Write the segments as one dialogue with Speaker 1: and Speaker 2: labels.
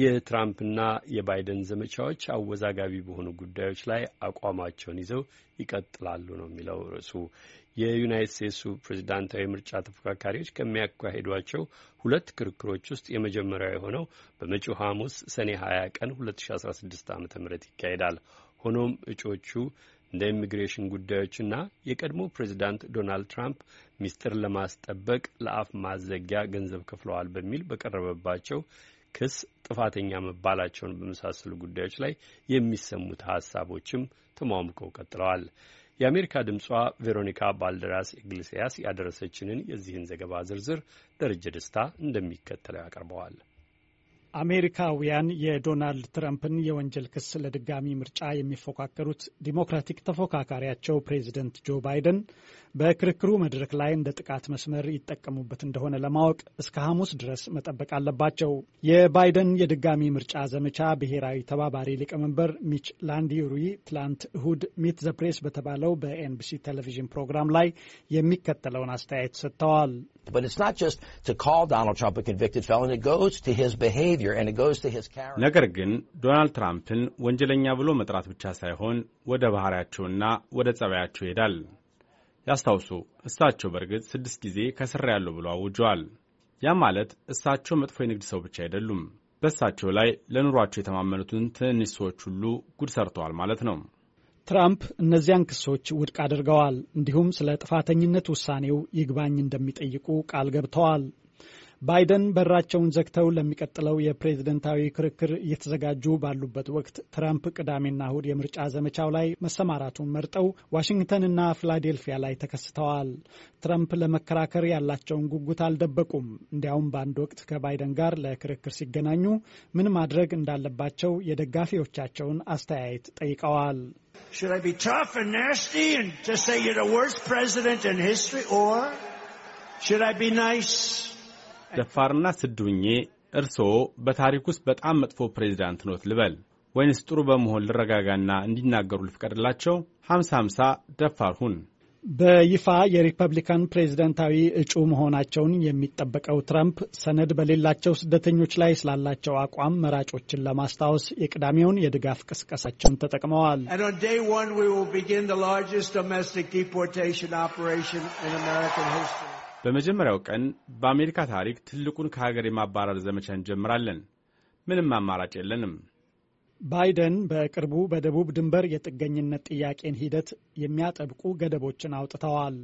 Speaker 1: የትራምፕና የባይደን ዘመቻዎች አወዛጋቢ በሆኑ ጉዳዮች ላይ አቋማቸውን ይዘው ይቀጥላሉ ነው የሚለው ርዕሱ። የዩናይት ስቴትሱ ፕሬዚዳንታዊ ምርጫ ተፎካካሪዎች ከሚያካሂዷቸው ሁለት ክርክሮች ውስጥ የመጀመሪያው የሆነው በመጪው ሐሙስ ሰኔ 20 ቀን 2016 ዓ ም ይካሄዳል። ሆኖም እጩዎቹ እንደ ኢሚግሬሽን ጉዳዮችና የቀድሞ ፕሬዚዳንት ዶናልድ ትራምፕ ሚስጥር ለማስጠበቅ ለአፍ ማዘጊያ ገንዘብ ከፍለዋል በሚል በቀረበባቸው ክስ፣ ጥፋተኛ መባላቸውን በመሳሰሉ ጉዳዮች ላይ የሚሰሙት ሀሳቦችም ተሟምቀው ቀጥለዋል። የአሜሪካ ድምጿ ቬሮኒካ ባልደራስ ኢግሌሲያስ ያደረሰችንን የዚህን ዘገባ ዝርዝር ደረጀ ደስታ እንደሚከተለው ያቀርበዋል።
Speaker 2: አሜሪካውያን የዶናልድ ትራምፕን የወንጀል ክስ ለድጋሚ ምርጫ የሚፎካከሩት ዲሞክራቲክ ተፎካካሪያቸው ፕሬዚደንት ጆ ባይደን በክርክሩ መድረክ ላይ እንደ ጥቃት መስመር ይጠቀሙበት እንደሆነ ለማወቅ እስከ ሐሙስ ድረስ መጠበቅ አለባቸው። የባይደን የድጋሚ ምርጫ ዘመቻ ብሔራዊ ተባባሪ ሊቀመንበር ሚች ላንዲሩይ ትላንት እሁድ ሚት ዘ ፕሬስ በተባለው በኤንቢሲ ቴሌቪዥን ፕሮግራም ላይ የሚከተለውን አስተያየት ሰጥተዋል።
Speaker 3: ነገር ግን ዶናልድ ትራምፕን ወንጀለኛ ብሎ መጥራት ብቻ ሳይሆን ወደ ባህሪያቸውና ወደ ጸባያቸው ይሄዳል። ያስታውሱ፣ እሳቸው በእርግጥ ስድስት ጊዜ ያለው ብሎ አውጀዋል። ያ ማለት እሳቸው መጥፎ የንግድ ሰው ብቻ አይደሉም። በእሳቸው ላይ ለኑሯቸው የተማመኑትን ትንንሽ ሰዎች ሁሉ ጉድ ሰርተዋል ማለት ነው። ትራምፕ
Speaker 2: እነዚያን ክሶች ውድቅ አድርገዋል። እንዲሁም ስለ ጥፋተኝነት ውሳኔው ይግባኝ እንደሚጠይቁ ቃል ገብተዋል። ባይደን በራቸውን ዘግተው ለሚቀጥለው የፕሬዝደንታዊ ክርክር እየተዘጋጁ ባሉበት ወቅት ትራምፕ ቅዳሜና እሁድ የምርጫ ዘመቻው ላይ መሰማራቱን መርጠው ዋሽንግተንና ፊላዴልፊያ ላይ ተከስተዋል። ትራምፕ ለመከራከር ያላቸውን ጉጉት አልደበቁም። እንዲያውም በአንድ ወቅት ከባይደን ጋር ለክርክር ሲገናኙ ምን ማድረግ እንዳለባቸው የደጋፊዎቻቸውን አስተያየት ጠይቀዋል።
Speaker 1: Should
Speaker 3: I be nice? ደፋርና ስድውኜ እርስዎ በታሪክ ውስጥ በጣም መጥፎ ፕሬዚዳንት ኖት ልበል ወይንስ ጥሩ በመሆን ልረጋጋና እንዲናገሩ ልፍቀድላቸው? ሀምሳ ሀምሳ ደፋር ሁን።
Speaker 2: በይፋ የሪፐብሊካን ፕሬዝደንታዊ እጩ መሆናቸውን የሚጠበቀው ትራምፕ ሰነድ በሌላቸው ስደተኞች ላይ ስላላቸው አቋም መራጮችን ለማስታወስ የቅዳሜውን የድጋፍ ቅስቀሳቸውን ተጠቅመዋል።
Speaker 3: በመጀመሪያው ቀን በአሜሪካ ታሪክ ትልቁን ከሀገር የማባረር ዘመቻ እንጀምራለን። ምንም አማራጭ የለንም።
Speaker 2: ባይደን በቅርቡ በደቡብ ድንበር የጥገኝነት ጥያቄን ሂደት የሚያጠብቁ ገደቦችን አውጥተዋል።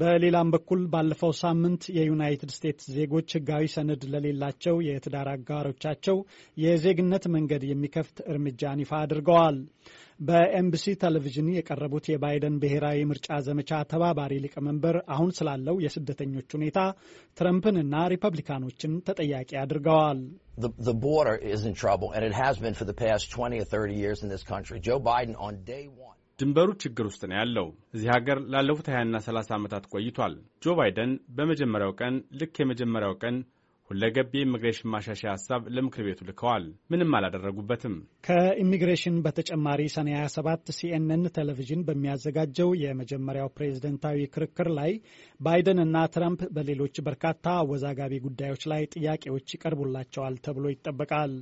Speaker 2: በሌላም በኩል ባለፈው ሳምንት የዩናይትድ ስቴትስ ዜጎች ሕጋዊ ሰነድ ለሌላቸው የትዳር አጋሮቻቸው የዜግነት መንገድ የሚከፍት እርምጃን ይፋ አድርገዋል። በኤምቢሲ ቴሌቪዥን የቀረቡት የባይደን ብሔራዊ ምርጫ ዘመቻ ተባባሪ ሊቀመንበር አሁን ስላለው የስደተኞች ሁኔታ ትረምፕንና ሪፐብሊካኖችን ተጠያቂ
Speaker 1: አድርገዋል። ድንበሩ ችግር ውስጥ ነው ያለው። እዚህ
Speaker 3: ሀገር ላለፉት 20ና 30 ዓመታት ቆይቷል። ጆ ባይደን በመጀመሪያው ቀን ልክ የመጀመሪያው ቀን ሁለገብ የኢሚግሬሽን ማሻሻያ ሀሳብ ለምክር ቤቱ ልከዋል። ምንም አላደረጉበትም።
Speaker 2: ከኢሚግሬሽን በተጨማሪ ሰኔ 27 ሲኤንኤን ቴሌቪዥን በሚያዘጋጀው የመጀመሪያው ፕሬዝደንታዊ ክርክር ላይ እና ትራምፕ በሌሎች በርካታ አወዛጋቢ ጉዳዮች ላይ ጥያቄዎች ይቀርቡላቸዋል ተብሎ ይጠበቃል።